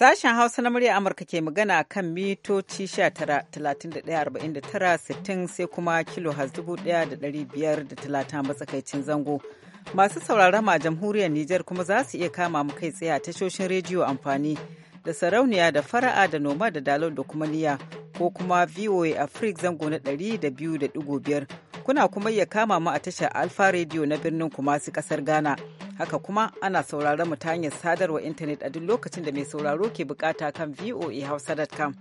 Sashen Hausa na murya Amurka ke magana kan mitoci 19,31,49,60 sai kuma kilo talata matsakaicin zango. Masu sauraron a jamhuriyar Nijar kuma za su iya kama mu kai tsaye a tashoshin rediyo amfani da sarauniya da fara'a da noma da dalol da kuma niya ko kuma voa afrik zango na ɗari da da biyu 200.5 kuna kuma iya kama mu a tashar alfa radio na birnin kumasi kasar ghana haka kuma ana sauraron mu ta hanyar sadarwa intanet a duk lokacin da mai sauraro ke bukata kan voa hausa.com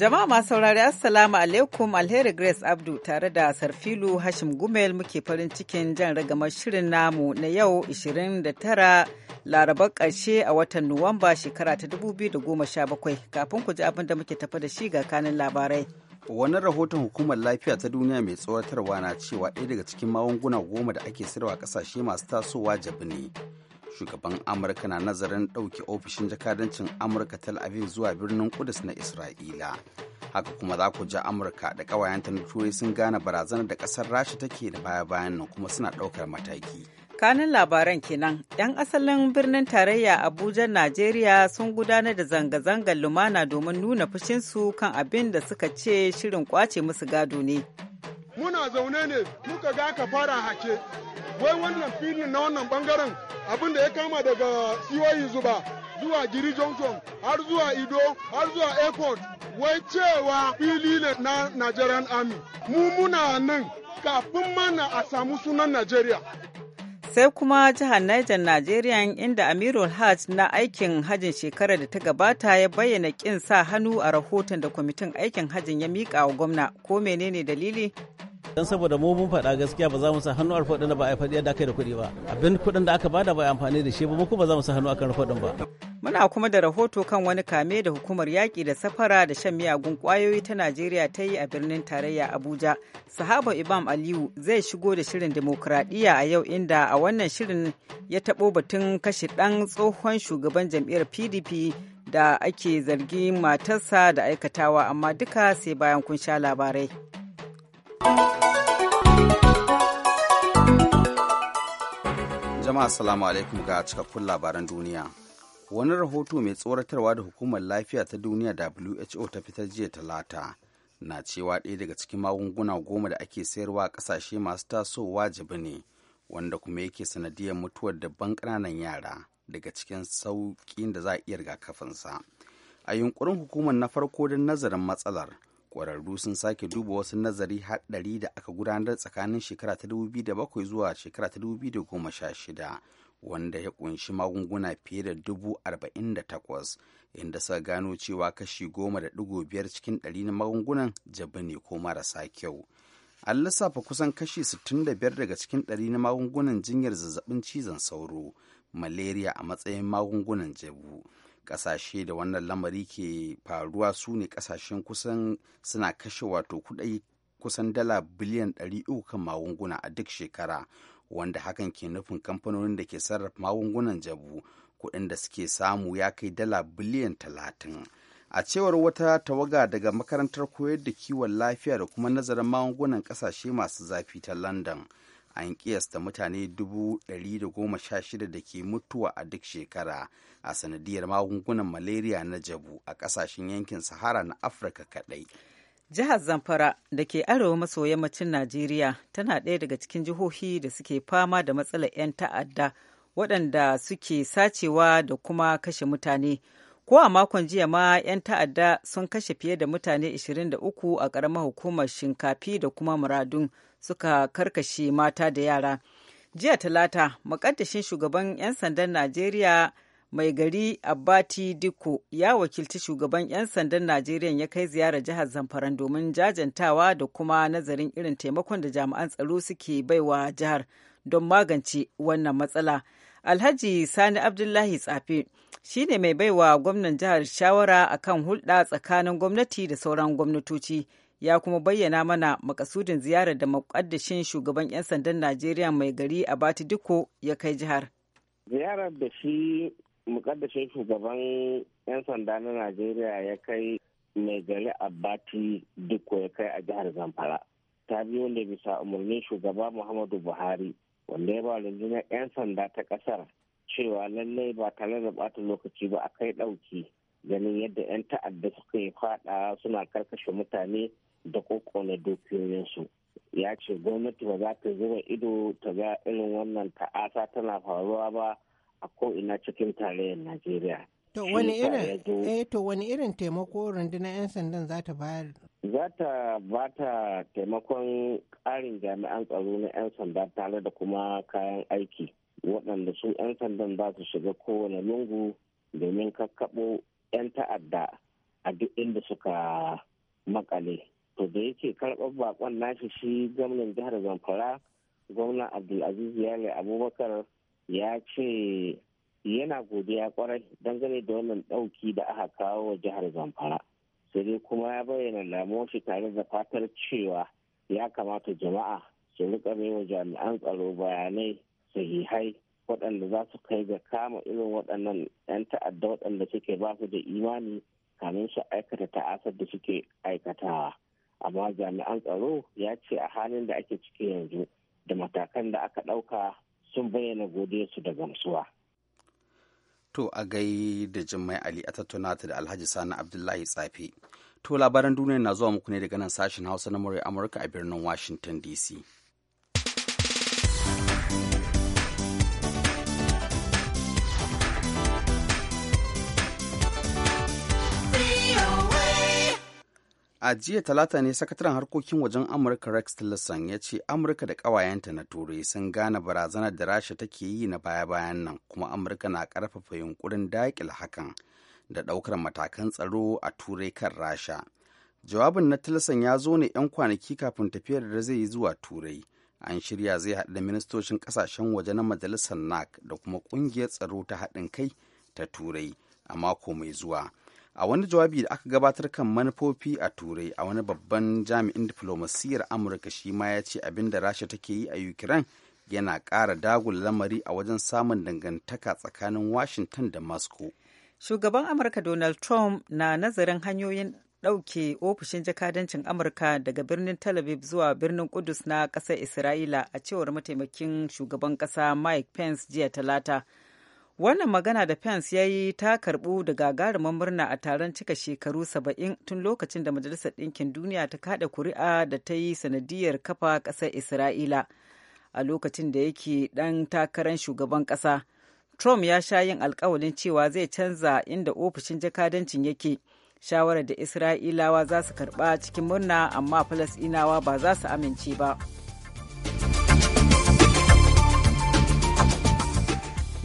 Jama'a masu saurari Assalamu alaikum Alheri Grace Abdu tare da Sarfilu Hashim Gumel muke farin cikin jan ragamar shirin namu na yau 29 Larabar ƙarshe a watan Nuwamba shekara ta 2017 kafin ku ji abin da muke tafa da shi ga kanin labarai. Wani rahoton hukumar lafiya ta duniya mai tsoratarwa na cewa ɗaya daga cikin magunguna goma da ake sayarwa ƙasashe masu tasowa jabi ne. shugaban amurka na nazarin ɗauke ofishin jakadancin amurka tel aviv zuwa birnin kudus na isra'ila haka kuma za ku ji amurka da ƙawayenta na turai sun gane barazanar da ƙasar rasha take da baya-bayan nan kuma suna ɗaukar mataki kanin labaran kenan 'yan asalin birnin tarayya abuja najeriya sun gudanar da zanga-zangar lumana domin nuna fushinsu kan abin da suka ce shirin kwace musu gado ne muna zaune ne muka ga ka fara hake wai wannan filin na wannan bangaren abin da ya kama daga siyoyi zuba zuwa giri junction har zuwa ido har zuwa airport wai cewa fili ne na nigerian army mu muna nan kafin mana a samu sunan nigeria sai kuma jihar Niger Najeriya inda Amiru Hajj na aikin hajin shekarar da ta gabata ya bayyana kin sa hannu a rahoton da kwamitin aikin hajin ya mika wa gwamna ko menene dalili? Dan saboda mu mun faɗa gaskiya ba za mu sa hannu a rufe ba a faɗi yadda aka yi da kuɗi ba. Abin kuɗin da aka bada ba a amfani da shi ba mu kuma ba za mu sa hannu akan rufaɗin ba. Muna kuma da rahoto kan wani kame da hukumar yaƙi da safara da shan miyagun ƙwayoyi ta Najeriya ta yi a birnin tarayya Abuja. Sahaba Imam Aliyu zai shigo da shirin demokuraɗiyya a yau inda a wannan shirin ya taɓo batun kashe ɗan tsohon shugaban jam'iyyar PDP da ake zargi matarsa da aikatawa amma duka sai bayan kun sha labarai. Jama'a salamu alaikum ga cikakkun labaran duniya. wani rahoto mai tsoratarwa da hukumar lafiya ta duniya who ta fitar jiya talata na cewa ɗaya daga cikin magunguna goma da ake sayarwa a ƙasashe masu tasowa jibi ne wanda kuma yake sanadiyar mutuwar dabban ƙananan yara daga cikin sauƙin da za a iya rigakafinsa a yunkurin hukumar na farko don nazarin matsalar ƙwararru sun sake duba wasu nazari haɗari da aka gudanar tsakanin shekara ta 2007 zuwa shekara ta 2016 wanda ya kunshi magunguna fiye da dubu arba'in da takwas inda suka gano cewa kashi goma da digo biyar cikin ɗari na magungunan jabi ne ko marasa kyau an lissafa kusan kashi 65 daga cikin ɗari na magungunan jinyar zazzabin cizon sauro malaria a matsayin magungunan jabu ƙasashe da wannan lamari ke faruwa su ne ƙasashen kusan suna kashe wato kuɗai kusan dala biliyan 300 kan magunguna a duk shekara wanda hakan ke nufin kamfanonin da ke sarrafa magungunan jabu kuɗin da suke samu ya kai dala biliyan talatin a cewar wata tawaga daga makarantar koyar da kiwon lafiya da kuma nazarin magungunan ƙasashe masu zafi ta london an kiyasta mutane 116 da ke mutuwa a duk shekara a sanadiyar magungunan malaria na jabu a kasashen yankin sahara na afirka kaɗai. Jihar Zamfara da ke arewa maso yammacin Najeriya tana ɗaya daga cikin jihohi da suke fama da matsalar 'yan ta'adda waɗanda suke sacewa da kuma kashe mutane. Ko a makon jiya ma 'yan ta'adda sun kashe fiye da mutane 23 a ƙaramar hukumar shinkafi da kuma muradun suka karkashe mata da yara. Jiya talata, makaddashin shugaban 'yan sandan Najeriya mai gari Abbati Dikko ya wakilci shugaban 'yan sandan Najeriya ya kai ziyarar jihar Zamfaran domin jajantawa da kuma nazarin irin taimakon da jami'an tsaro suke baiwa jihar don magance wannan matsala. Alhaji Sani Abdullahi Tsafe shi ne mai baiwa gwamnan jihar shawara akan hulɗa tsakanin gwamnati da sauran gwamnatoci. Ya kuma bayyana mana makasudin ziyarar da makaddashin shugaban 'yan sandan Najeriya mai gari abati Dikko ya kai jihar. ziyarar da shi mukaddashin shugaban 'yan sanda na najeriya ya kai mai gari abati dukko ya kai a jihar zamfara ta biyo ne bisa umarnin shugaba muhammadu buhari wanda ya ba rundunar 'yan sanda ta kasar cewa lallai ba tare da bata lokaci ba a kai dauki ganin yadda 'yan ta'adda suka yi fada suna karkashe mutane da kokona dukiyoyinsu ya ce gwamnati ba za ta zuba ido ta ga irin wannan ta'asa tana faruwa ba a ko'ina cikin tarayyar najeriya to wani irin eh to wani taimako rundunar 'yan sandan za ta bayar za ta ba ta taimakon ƙarin jami'an tsaro na 'yan sanda tare da kuma kayan aiki waɗanda su 'yan sandan za su shiga kowane lungu domin kakkaɓo 'yan ta'adda a duk inda suka makale to da yake karɓar bakon nashi shi gwamnan jihar zamfara gwamnan abdulaziz yale abubakar ya ce yana godiya kwarai dangane da wannan ɗauki da aka kawo wa jihar zamfara sai dai kuma ya bayyana lamuwar shi tare da fatar cewa ya kamata jama'a su rika wa jami'an tsaro bayanai sahihai waɗanda za su kai ga kama irin waɗannan 'yan ta'adda waɗanda suke ba su da imani kamin su aikata ta'asar da suke aikatawa amma jami'an tsaro ya ce a halin da ake ciki yanzu da matakan da aka ɗauka sun bayyana godiyarsu da gamsuwa. To a gai da Jummai Ali a tattauna ta da Alhaji Sani Abdullahi Tsafe. To labaran duniya na zuwa muku ne daga nan sashen Hausa na Amurka a birnin Washington DC. a jiya talata ne sakataren harkokin wajen amurka rex tillerson ya ce amurka da ƙawayenta na turai sun gane barazanar da rasha take yi na baya-bayan nan kuma amurka na ƙarfafa yunkurin daƙil hakan da ɗaukar matakan tsaro a turai kan rasha jawabin na tillerson ya zo ne 'yan kwanaki kafin tafiyar da zai yi zuwa turai an shirya zai haɗu da ministocin ƙasashen waje na majalisar nac da kuma ƙungiyar tsaro ta haɗin kai ta turai a mako mai zuwa a wani jawabi da aka gabatar kan manufofi a turai a wani babban jami'in diflomasiyyar amurka shi ma ya ce abin da rasha take yi a ukraine yana ƙara dagula lamari a wajen samun dangantaka tsakanin washington da moscow shugaban amurka donald trump na nazarin hanyoyin ɗauke ofishin jakadancin amurka daga birnin tel aviv zuwa birnin kudus na ƙasar isra'ila a cewar mataimakin shugaban ƙasa mike pence jiya talata Wannan magana da Pence ya yi ta karbu da gagarumin murna a taron cika shekaru 70 tun lokacin da Majalisar Ɗinkin Duniya ta kaɗa kuri'a da ta yi sanadiyar kafa ƙasar Isra'ila a lokacin da yake ɗan takarar shugaban ƙasa. Trump ya sha yin alkawalin cewa zai canza inda ofishin jakadancin yake. Shawarar da Isra'ilawa za su karɓa cikin murna amma Falasɗinawa ba za su amince ba.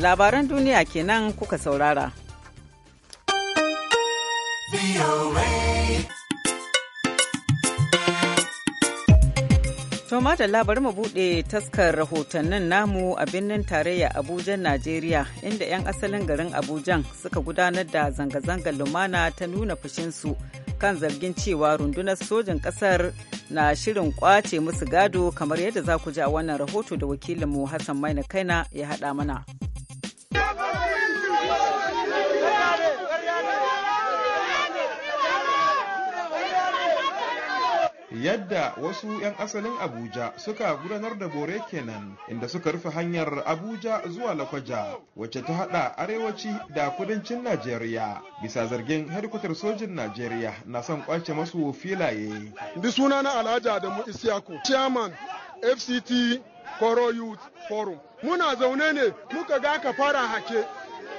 labaran duniya kenan kuka saurara. To da bari mu buɗe taskar rahotannin namu a birnin tarayya Abuja, Najeriya, inda 'yan asalin garin abuja suka gudanar da zanga-zangar lumana ta nuna su kan zargin cewa rundunar sojin ƙasar na shirin ƙwace musu gado kamar yadda za ku ji a wannan rahoto da wakilinmu Hassan Maina Kaina ya haɗa mana. yadda wasu 'yan asalin abuja suka gudanar da bore kenan inda suka rufe hanyar abuja zuwa lakwaja wacce ta hada arewaci da kudancin najeriya bisa zargin hedkwatar sojin najeriya na son kwace masu filaye bi suna na alhaji adamu isiyako chairman fct koro youth forum muna zaune ne muka ga ka fara hake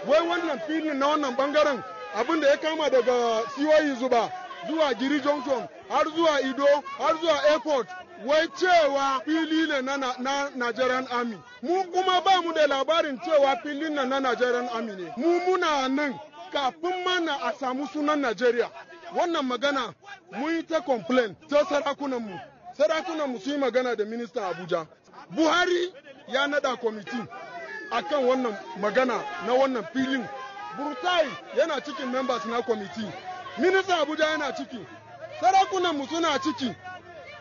wai wannan filin na wannan bangaren abin da ya kama daga siwayi e zuba zuwa giri junction har zuwa Ido har zuwa airport wai cewa fili ne na, na Nigerian Army. Mu kuma ba mu da labarin cewa filin na na Nigerian Army ne. Mu muna nan kafin mana a samu sunan Najeriya. Wannan magana mun yi ta complain ta sarakunanmu. Sarakunanmu su yi magana da minista Abuja. Buhari ya nada kwamiti kan wannan magana na wannan filin. Burtai yana cikin members na kwamiti. minista Abuja yana ciki. sarakunan mu suna ciki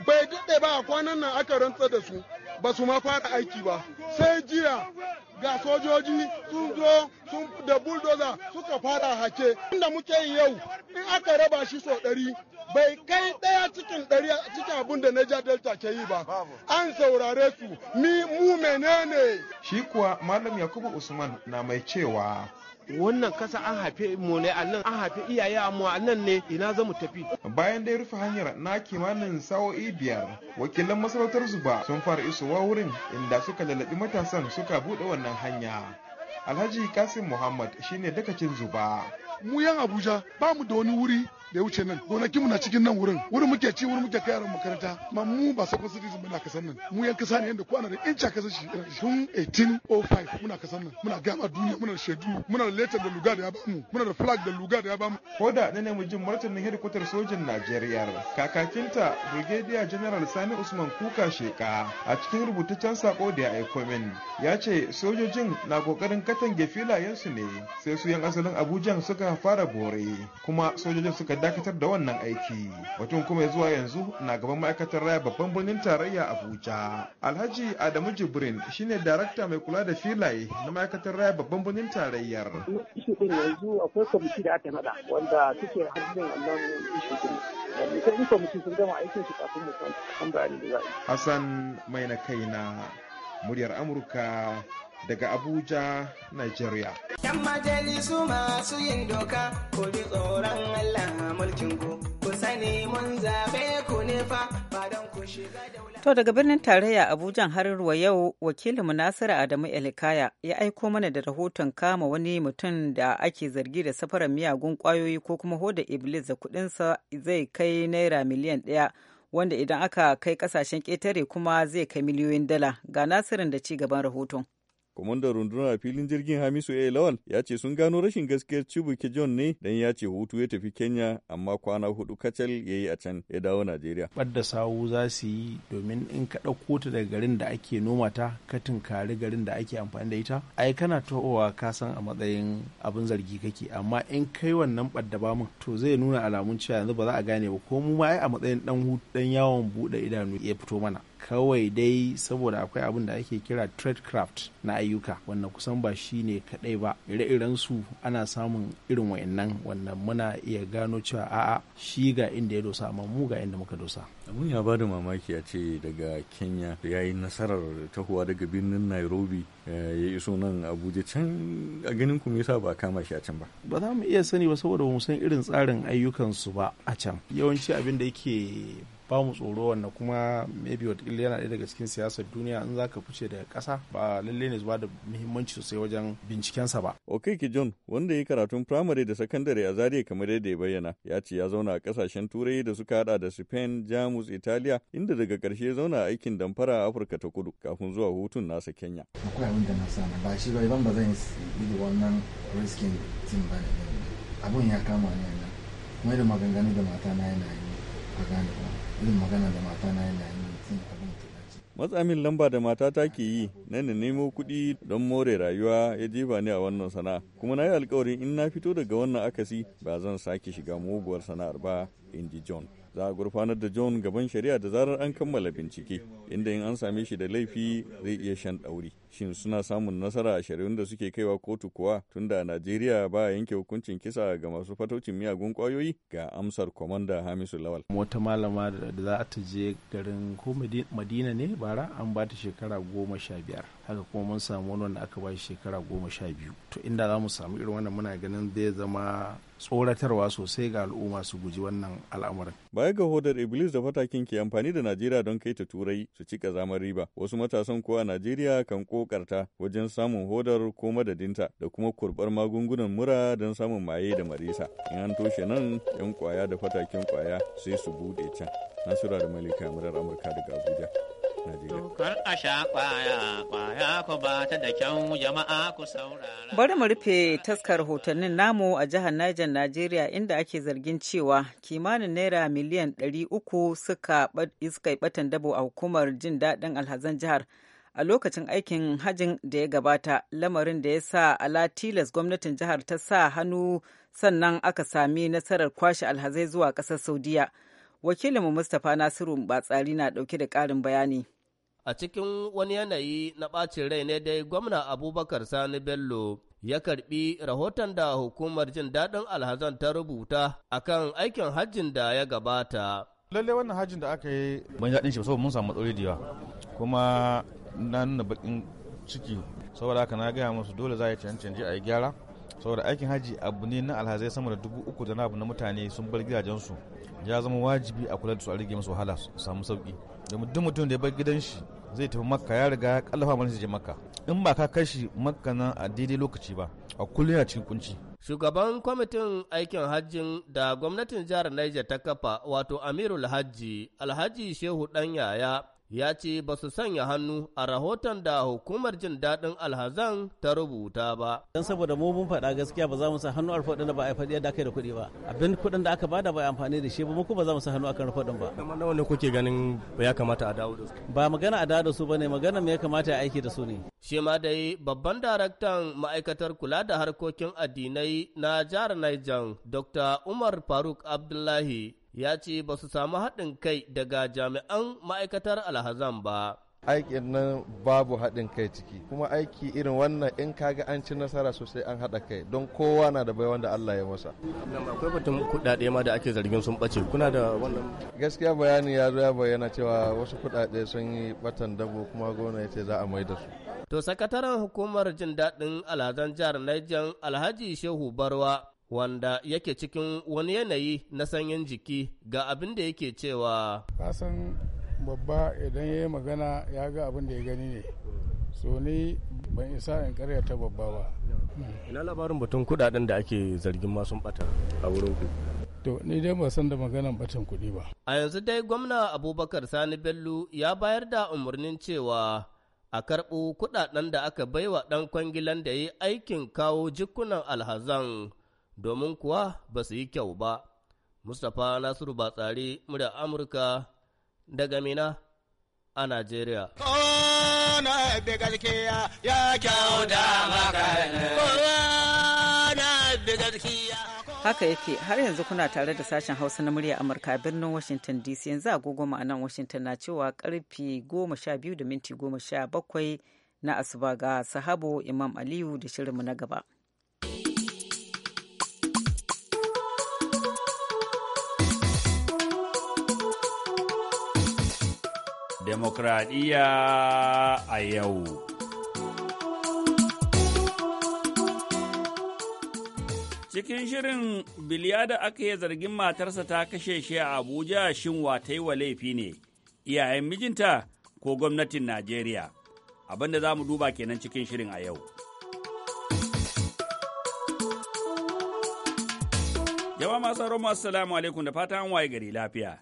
bai daɗe ba a kwanan nan aka rantsa da su ba su ma fara aiki ba sai jiya ga sojoji sun zo sun da buldoza suka fara hake inda muke yi yau in aka raba shi so ɗari bai kai ɗaya cikin ɗari cikin abin da na Delta ke yi ba an saurare su mi mu menene shi kuwa malam Yakubu Usman na mai cewa wannan kasa an haife mu ne a nan an haife iyaye mu a nan ne ina za mu tafi bayan dai rufe hanyar na kimanin sa'o'i biyar wakilan masarautar zuba sun fara isowa wurin inda suka lalabi matasan suka buɗe wannan hanya alhaji kasim muhammad shine dakacin zuba mu yan abuja ba mu da wani wuri da ya wuce nan gonakinmu na cikin nan wurin wurin muke ci wurin muke kai yaran makaranta amma mu ba sa citizen bane na kasan nan mu yan kasa ne yanda ko ana da inci kasa shi tun eh, 1805 muna kasan nan muna gama duniya muna da shaidu muna da letter da luga da ya bamu muna da flag da luga da ya bamu ko da ne mu jin martanin hedikwatar sojin Najeriya kakakinta Brigadier General Sani Usman Kuka Sheka a cikin rubutaccen sako da ya aiko min ya ce sojojin na kokarin katange filayensu ne sai su yan asalin Abuja suka fara bore kuma sojojin suka dakatar da wannan aiki batun kuma zuwa yanzu na gaban ma'aikatar raya babban birnin tarayya abuja alhaji adamu jibrin shine darakta mai kula da filaye na ma'aikatar raya babban birnin tarayyar yanzu akwai kwamiti da aka nada wanda suke hannun wannan ishu din kwamiti sun gama aikin su kafin mu san bayani da za hassan mai na kaina muryar amurka daga Abuja, Nigeria. Yan majalisu masu yin doka, ku bi tsoron Allah mulkin ku, ku sani mun zaɓe ku ne fa, ba don ku shiga To daga birnin tarayya Abuja hararwa yau wakilin Nasiru Adamu Elikaya ya aiko mana da rahoton kama wani mutum da ake zargi da safarar miyagun kwayoyi ko kuma hoda Iblis da kuɗinsa zai kai naira miliyan ɗaya. wanda idan aka kai kasashen ketare kuma zai kai miliyoyin dala ga nasirin da ci gaban rahoton. Kwamandan rundunar a filin jirgin Hamisu A. Lawal ya ce sun gano rashin gaskiyar Chibuke John ne dan ya ce hutu ya tafi Kenya amma kwana hudu kacal ya yi a can ya dawo Najeriya. da sawu za su yi domin in ka ɗauko ta daga garin da ake noma ta ka tunkari garin da ake amfani da ita ai kana tohowa ka san a matsayin abin zargi kake amma in kai wannan ɓadda ba to zai nuna alamun cewa yanzu ba za a gane ba ko mu ma ai a matsayin dan dan yawon buɗe idanu ya fito mana. kawai dai saboda akwai abin da ake kira tradecraft na ayyuka wannan kusan ba shi ne kaɗai ba ire-iren su ana samun irin wayannan wannan muna iya gano cewa a'a shi ga inda ya dosa amma mu ga inda muka dosa abun ya bada mamaki a ce daga kenya ya yi nasarar tahowa daga birnin nairobi eh, ya iso nan abuja can a ganin ku me yasa ba kama shi a can ba ba za mu iya sani ba saboda ba mu san irin tsarin ayyukan su ba a can yawanci abin da yake ba mu tsoro wanda kuma maybe illa yana ɗaya daga cikin siyasar duniya in za ka fice daga ƙasa ba lalle ne zuwa da muhimmanci sosai wajen bincikensa ba. Okeke John wanda ya karatun firamare da sakandare a zariya kamar yadda ya bayyana ya ce ya zauna a ƙasashen turai da suka hada da Spain, Jamus, Italiya inda daga ƙarshe ya zauna aikin damfara a Afirka ta kudu kafin zuwa hutun nasa Kenya. Akwai abin da na sani ba shi ba ban ba zan yi wannan riskin tim ba abun ya kama ni kuma da maganganu da mata na yana yi a gane ba. yin magana da yana yi matsamin lamba da matata ke yi na na nemo kuɗi don more rayuwa ya jefa ni a wannan sana'a kuma na yi alkawarin in na fito daga wannan akasi ba zan sake shiga muguwar sana'ar ba in ji john za a gurfanar da john gaban shari'a da zarar an kammala bincike inda in an same shi da laifi zai iya shan ɗauri shin suna samun nasara a shari'un da suke kaiwa kotu kuwa tunda Najeriya ba yanke hukuncin kisa ga masu fatocin miyagun kwayoyi ga amsar kwamanda Hamisu Lawal. Wata malama da za ta je garin ko Madina ne bara an ba ta shekara goma sha biyar haka kuma mun samu wani wanda aka ba shi shekara goma sha biyu to inda za mu samu irin wannan muna ganin zai zama tsoratarwa sosai ga al'umma su guji wannan al'amarin. Baya ga hodar Iblis da fatakin ke amfani da Najeriya don kai ta turai su cika zamar riba wasu matasan kuwa Najeriya kan ko kokarta wajen samun hodar ko madadinta da kuma kurbar magungunan mura don samun maye da marisa in an toshe nan yan kwaya da fatakin kwaya sai su bude can nasura da malika murar amurka daga abuja Kar a sha kwaya, kwaya ku ba ta da kyau jama'a ku saurara. Bari mu rufe taskar hotonin namu a jihar Niger Najeriya inda ake zargin cewa kimanin naira miliyan 300 suka iskai batan dabo a hukumar jin daɗin alhazan jihar. a lokacin aikin hajin da ya gabata lamarin da ya sa ala tilas gwamnatin jihar ta sa hannu sannan aka sami nasarar kwashe alhazai zuwa ƙasar saudiya wakilinmu mustapha nasiru batsari na ɗauke da ƙarin bayani a cikin wani yanayi na ɓacin rai ne dai gwamna abubakar sani bello ya karbi rahoton da hukumar jin daɗin alhazan ta rubuta akan aikin hajjin da ya gabata lallai wannan hajjin da aka yi ban daɗin shi saboda mun samu matsaloli da yawa kuma na nuna bakin ciki saboda haka na gaya musu dole za a yi cancanci a yi gyara saboda aikin haji abu ne na alhazai sama da dubu uku da abu na mutane sun bar gidajensu ya zama wajibi a kula da su a rage musu wahala su samu sauki domin duk mutum da ya bar gidan shi zai tafi makka ya riga ya kallafa mana je makka in ba ka kashi makka nan a daidai lokaci ba a kullum a cikin kunci shugaban kwamitin aikin hajji da gwamnatin jihar Niger ta kafa wato amirul hajji alhaji shehu dan yaya ya ce ba su sanya hannu a rahoton da hukumar jin daɗin alhazan ta rubuta ba. Don saboda mu mun faɗa gaskiya ba za mu sa hannu a rufaɗin da ba a faɗi yadda aka da kuɗi ba. Abin kuɗin da aka bada ba a amfani da shi ba mu ba za mu sa hannu akan rufaɗin ba. Kamar nawa ne kuke ganin ba ya kamata a dawo da su? Ba magana a dawo da su ba ne magana me ya kamata a aiki da su ne. Shi ma dai babban daraktan ma'aikatar kula da harkokin addinai na jihar Niger Dr. Umar Faruk Abdullahi ya ce ba su samu haɗin kai daga jami'an ma'aikatar alhazan ba. aikin nan babu haɗin kai ciki kuma aiki irin wannan in kaga an ci nasara sosai an haɗa kai don kowa na da baiwan da Allah ya masa akwai batun kuɗaɗe ma da ake zargin sun ɓace kuna da wannan gaskiya bayani ya zo ya bayyana cewa wasu kuɗaɗe sun yi batan dabo kuma gona ya ce za a mai da su to sakataren hukumar jin daɗin alhazan jihar Niger Alhaji Shehu Barwa wanda yake cikin wani yanayi na sanyin jiki ga abin da yake cewa kasan babba idan ya yi magana ya ga abin da ya gani ne so ni ban isa in ta babba ba ina labarin batun kudaden da ake zargin masu bata a wurin ku To, ni dai ba san da maganan batun kuɗi ba. A yanzu dai gwamna Abubakar Sani Bello ya bayar da umarnin cewa a karɓo kudaden da aka baiwa ɗan kwangilan da ya yi aikin kawo jikunan alhazan domin kuwa ba su yi kyau ba. Mustapha Nasiru Batsari, murya Amurka daga Mina a Najeriya. Haka yake har yanzu kuna tare da sashen Hausa na murya Amurka birnin Washington DC yanzu agogo ma'anan Washington na cewa karfi goma sha biyu da minti goma sha bakwai na asuba ga sahabo Imam Aliyu da shirinmu na gaba. demokradiyya a yau. Cikin shirin biliya da aka yi zargin matarsa ta kashe shi a Abuja shin ta yi wa laifi ne, iyayen mijinta ko gwamnatin Najeriya. Abin da za mu duba kenan cikin shirin a yau. Yawa masu masu salamu alaikum da fatan waye gari lafiya.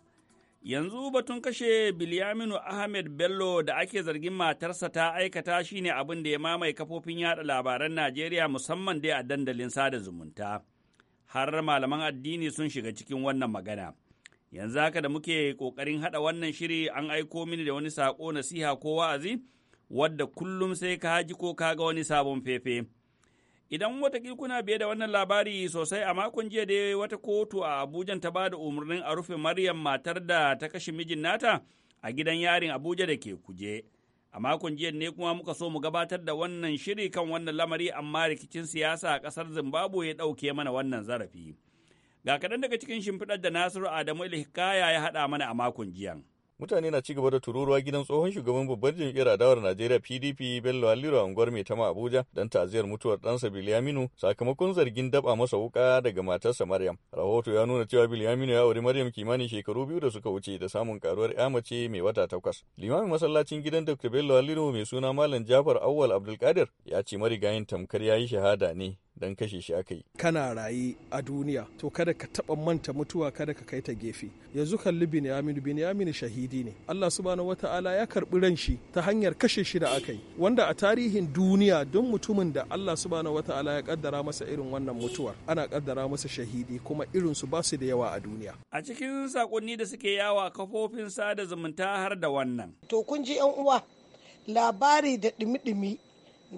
Yanzu batun kashe Bilyaminu Ahmed Bello da ake zargin matarsa ta aikata shine abin da ya mamaye kafofin yada labaran Najeriya musamman dai a dandalin sada zumunta. Har malaman addini sun shiga cikin wannan magana. Yanzu haka da muke ƙoƙarin haɗa wannan shiri an aiko mini da wani sako, nasiha ko wa'azi, wadda kullum sai ka ji ko ka ga wani sabon fefe. Idan wata kuna biye da wannan labari sosai a makon jiya da wata kotu a Abuja ta ba da umarnin a rufe Maryam matar da ta kashe mijin nata a gidan yarin Abuja da ke kuje. A makon jiya ne kuma muka so mu gabatar da wannan shiri kan wannan lamari amma rikicin siyasa a ƙasar Zimbabwe ya ɗauke mana wannan zarafi. Ga kaɗan daga cikin shimfiɗar da Nasiru Adamu Ilhikaya ya haɗa mana a makon jiyan. mutane na ci gaba da tururuwa gidan tsohon shugaban babbar jam'iyyar adawar Najeriya PDP Bello Aliru unguwar mai tama Abuja don ta'aziyar mutuwar ɗansa Bilyaminu sakamakon zargin daba masa wuka daga matarsa Maryam. Rahoto ya nuna cewa Bilyaminu ya auri Maryam kimanin shekaru biyu da suka wuce da samun karuwar ya mace mai wata takwas. Limamin masallacin gidan Dr. Bello Aliru mai suna Malam Jafar Awwal Abdulkadir ya ce marigayin tamkar ya yi shahada ne don kashe shi aka yi kana raye a duniya to kada ka taɓa manta mutuwa kada ka kai ta gefe yanzu kalli binyamin binyamin shahidi ne Allah subhanahu ta'ala ya karbi ran shi ta hanyar kashe shi da aka yi wanda a tarihin duniya don mutumin da Allah subhanahu ta'ala ya kaddara masa irin wannan mutuwar ana kaddara masa shahidi kuma irin su basu da yawa a duniya a cikin sakonni da suke yawa kafofin sada zumunta har da wannan to kun ji yan uwa labari da ɗumi-ɗumi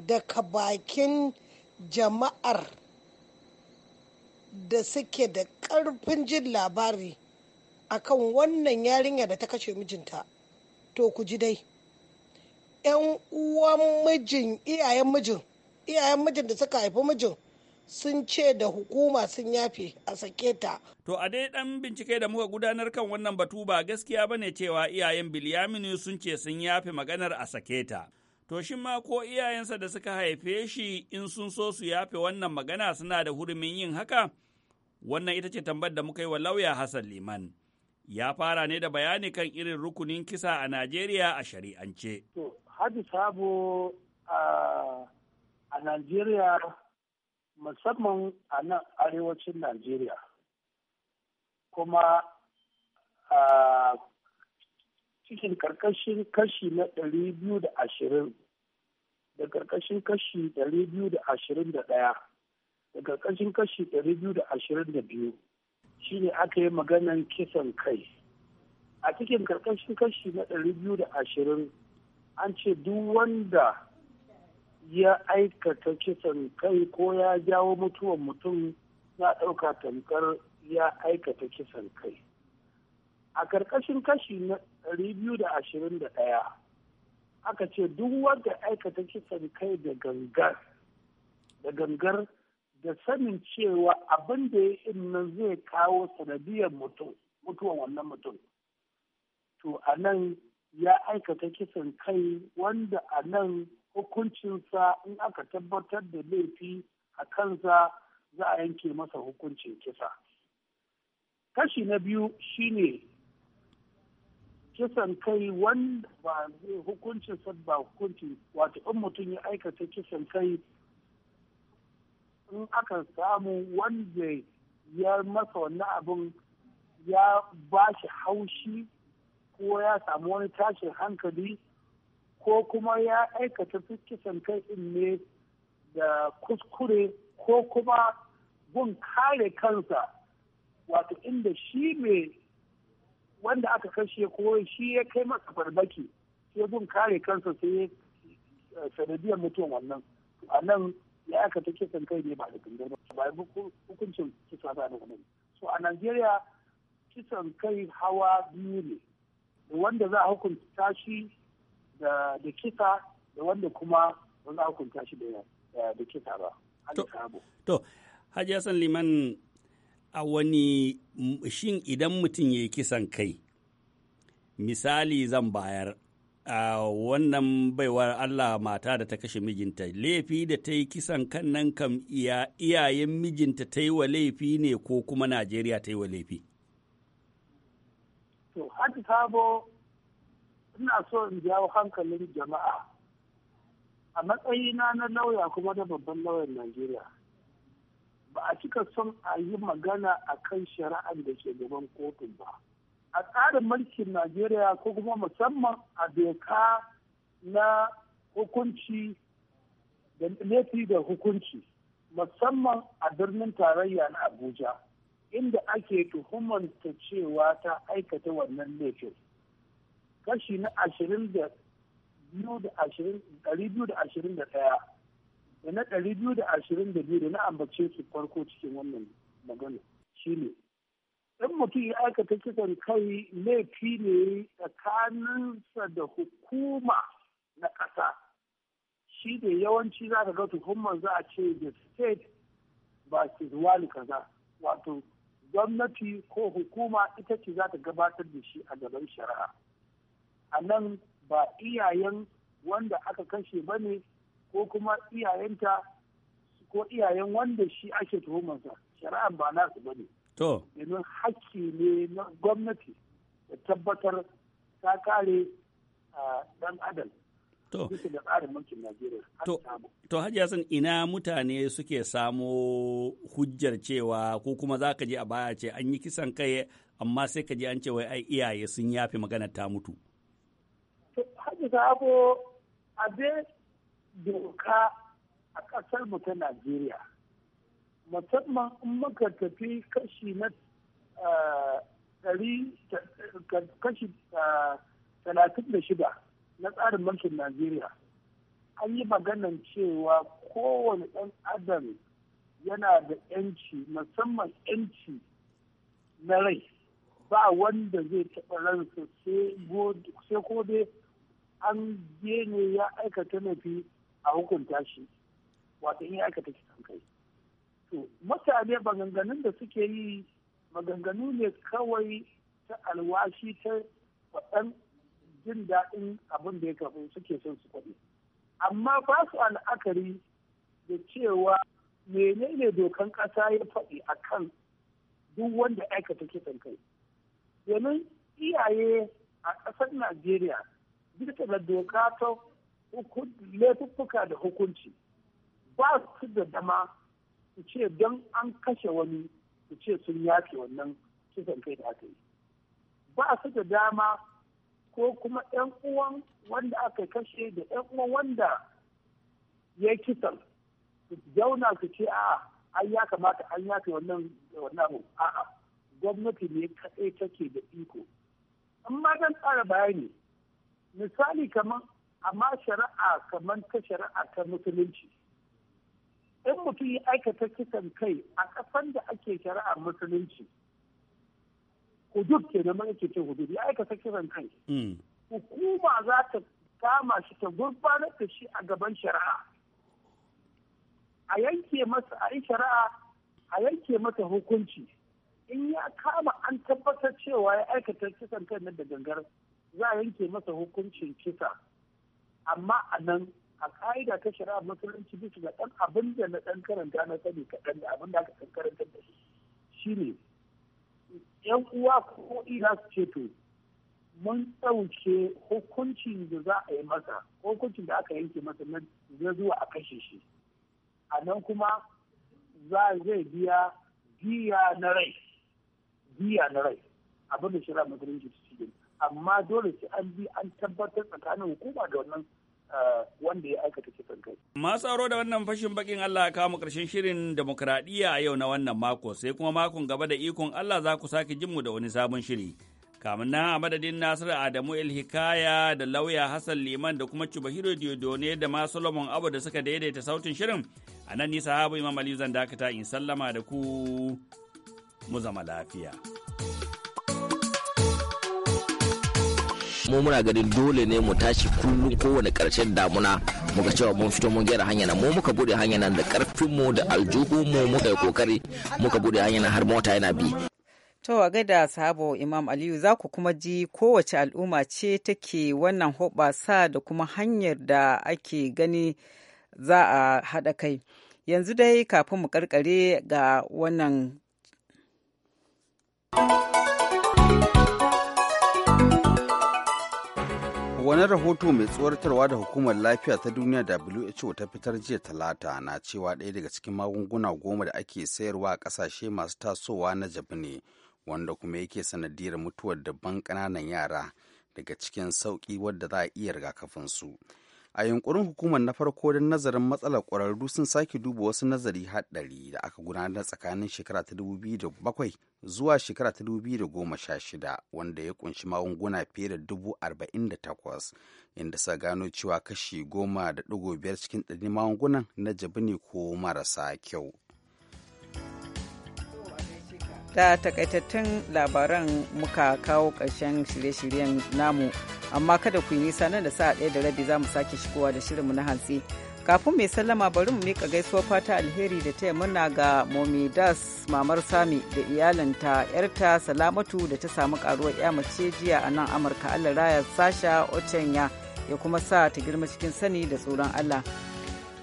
daga bakin jama'ar da suke da ƙarfin jin labari akan wannan yarinya da ta kashe mijinta to ku ji dai yan uwan mijin iyayen mijin iyayen mijin da suka haifi mijin sun ce da hukuma sun yafe a sake ta. To a dai 'dan bincike da muka gudanar kan wannan batu ba gaskiya bane cewa iyayen Bilyaminu sun ce sun yafe maganar a sake ta. to shi ma ko iyayensa da suka haife shi in sun so su yafe wannan magana suna da hurumin yin haka? Wannan ita ce tambar da muka yi wa lauya Hassan Liman. Ya fara ne da bayani kan irin rukunin kisa a Najeriya a shari'ance. Hadi Sabo a Najeriya musamman a nan arewacin Najeriya kuma cikin karkashin kashi na ɗari biyu da ashirin da karkashin kashi ɗari biyu da ashirin da ɗaya da karkashin kashi ɗari biyu da ashirin da biyu shine aka yi maganan kisan kai a cikin karkashin kashi na ɗari biyu da ashirin an ce duk wanda ya aikata kisan kai ko ya jawo mutuwan mutum ya ɗauka tamkar ya aikata kisan kai a karkashin kashi na 221 aka ce duk wanda aikata kisan kai da gangar da gangar da sanin cewa abin da ya nan zai kawo sanadiyar mutum mutuwan wannan mutum to a nan ya aikata kisan kai wanda a nan hukuncinsa in aka tabbatar da laifi a kansa za a yanke masa hukuncin kisa kashi na biyu shine kisan kai wanda ba hukuncin ba hukunci wato in mutum ya aikata kisan kai in aka samu wanda ya masa wannan abin ya ba shi haushi ko ya samu wani tashin hankali ko kuma ya aikata kisan kai in ne da kuskure ko kuma gun kare kansa wato inda shi mai wanda aka kashe ko shi ya kai masa farmaki ya gun kare kansa sai ya eh, sanadiyar mutum wannan a nan ya aka ta kisan kai ne ba da gangar ba bayan hukuncin kisa ba da wani so a najeriya kisan kai hawa biyu ne da wanda za a hukunta shi da kisa da wanda kuma ba za a hukunta shi da kisa ba to Hajiya San Liman a wani shin idan mutum ya yi kisan kai misali zan bayar a wannan baiwar Allah mata da ta kashe mijinta laifi da ta yi kisan kan nan kam iyayen mijinta ta yi wa laifi ne ko kuma Najeriya ta yi wa laifi? To, sabo ina so in jawo hankalin jama'a a matsayina na lauya kuma da babban lauyan Najeriya. ba a cika son a yi magana a kan shari'ar da ke gaban kotun ba a tsarin mulkin najeriya ko kuma musamman a doka na hukunci da laifi da hukunci musamman a birnin tarayya na abuja inda ake ta cewa ta aikata wannan laifin kashi na ashirin da biyu da ashirin da ɗaya da na ɗari biyu da ashirin da biyu da na ambace su farko cikin wannan magana shine ɗan mutum ya aikata kisan kai laifi ne tsakaninsa da hukuma na ƙasa shi ne yawanci za ka ga tuhumar za a ce da state ba zuwa ni kaza wato gwamnati ko hukuma ita ce za ta gabatar da shi a gaban shari'a a nan ba iyayen wanda aka kashe ba ne ko kuma iyayenta ko iyayen wanda shi ake tuhumarsa shari'ar ba nasu ba ne. To. Domin hakki ne na gwamnati da tabbatar ta kare ɗan adam. To. Bisa da tsarin mulkin Najeriya. To, to Hajiya san ina mutane suke samo hujjar cewa ko kuma za ka je a baya ce an yi kisan kai amma sai ka je an ce wai ai iyaye sun yafe magana ta mutu. To, Hajiya Sabo, a doka a ƙasar mu ta Najeriya. Musamman in muka tafi kashi na kashi talatin da shida na tsarin mulkin Najeriya. An yi maganan cewa kowane ɗan adam yana da ‘yanci musamman ‘yanci na rai ba wanda zai taɓa ransa sai ko dai an je ne ya aikata mafi a hukunta shi wato in aka ta kisan kai to mutane maganganun da suke yi maganganu ne kawai ta alwashi ta waɗan jin daɗin abin da ya kafin suke son su kwaɗi amma ba su al'akari da cewa menene dokan ƙasa ya faɗi a kan duk wanda aikata kisan kai domin iyaye a ƙasar najeriya bisa da doka ta laifuffuka da hukunci ba su da dama su ce don an kashe wani su ce sun yafe wannan kisan kai da aka yi ba su da dama ko kuma 'yan uwan wanda aka kashe da 'yan uwan wanda ya kisan su zauna su ce a an ya kamata an yafe wannan wannan abu a'a gwamnati ne kaɗai take da iko amma don tsara bayani misali kamar amma shari'a kamar ta shari'a ta musulunci in mutum ya aikata kisan kai a kasan da ake shari'a musulunci hudud ke na mai ce hudud ya aikata kisan kai hmm. hukuma za ta kama shi ta gurbanar da shi a gaban shari'a a yanke masa a yi shari'a a yanke masa hukunci in ya kama an tabbatar cewa ya aikata kisan kai na da gangar za a yanke masa hukuncin kisa amma a nan a ka'ida ta shari'a musulunci bisa ga ɗan abin da na ɗan karanta na sani kaɗan da abin da aka ɗan karanta da shi shine yan uwa ko ina su ce to mun ɗauke hukuncin da za a yi masa hukuncin da aka yanke masa na zuwa a kashe shi a nan kuma za zai biya biya na rai biya na rai abin da shari'a musulunci su ce amma dole sai an bi an tabbatar tsakanin hukuma da wannan wanda ya aikata kisan kai. Masu aro da wannan fashin bakin Allah ya kama karshen shirin demokradiyya a yau na wannan mako sai kuma makon gaba da ikon Allah za ku sake jinmu da wani sabon shiri. Kamun nan a madadin Nasiru Adamu Hikaya da lauya Hassan Liman da kuma hiro Diodone da ma Solomon Abu da suka daidaita sautin shirin a nan nisa habu Imam zan dakata in sallama da ku mu zama lafiya. mu muna ganin dole ne mu tashi kullum kowane karshen damuna muka cewa mun fito mun gyara hanya nan mu muka bude hanya nan da karfin mu da aljuhu mu muka yi kokari muka bude hanya nan har mota yana bi To a gaida sahabo Imam Aliyu za ku kuma ji kowace al'umma ce take wannan hoɓasa da kuma hanyar da ake gani za a haɗa kai. Yanzu dai kafin mu karkare ga wannan. wani rahoto mai tsoratarwa da hukumar lafiya ta duniya who ta fitar jiya talata na cewa ɗaya daga cikin magunguna goma da ake sayarwa a ƙasashe masu tasowa na jabi ne wanda kuma yake sanadiyar mutuwar dabban ƙananan yara daga cikin sauƙi wadda za a iya rigakafinsu su a yunkurin hukumar na farko don nazarin matsalar ƙwararru sun sake duba wasu nazari haɗari da aka gudanar tsakanin shekara ta 2007 zuwa shekara ta 2016 wanda ya kunshi magunguna fiye da 48 inda sa gano cewa kashi 10.5 cikin ɗari magungunan na jabi ne ko marasa kyau da takaitattun labaran muka kawo ƙarshen shirye-shiryen namu amma kada ku yi nisa nan da sa'a ɗaya da rabi za mu sake shigowa da mu na hantsi kafin mai sallama bari mu miƙa gaisuwar fata alheri da ta muna ga momidas mamar sami da iyalinta yarta salamatu da ta samu karuwar ya mace jiya a nan amurka allah raya sasha ochenya ya kuma sa ta girma cikin sani da tsoron allah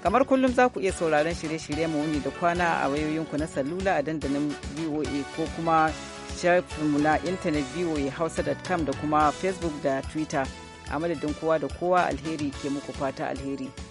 kamar kullum za ku iya sauraron shirye-shirye mu wuni da kwana a wayoyinku na salula a dandalin voa ko kuma shafinmu na intanet voa da kuma facebook da twitter a madadin kowa da kowa alheri ke muku fata alheri.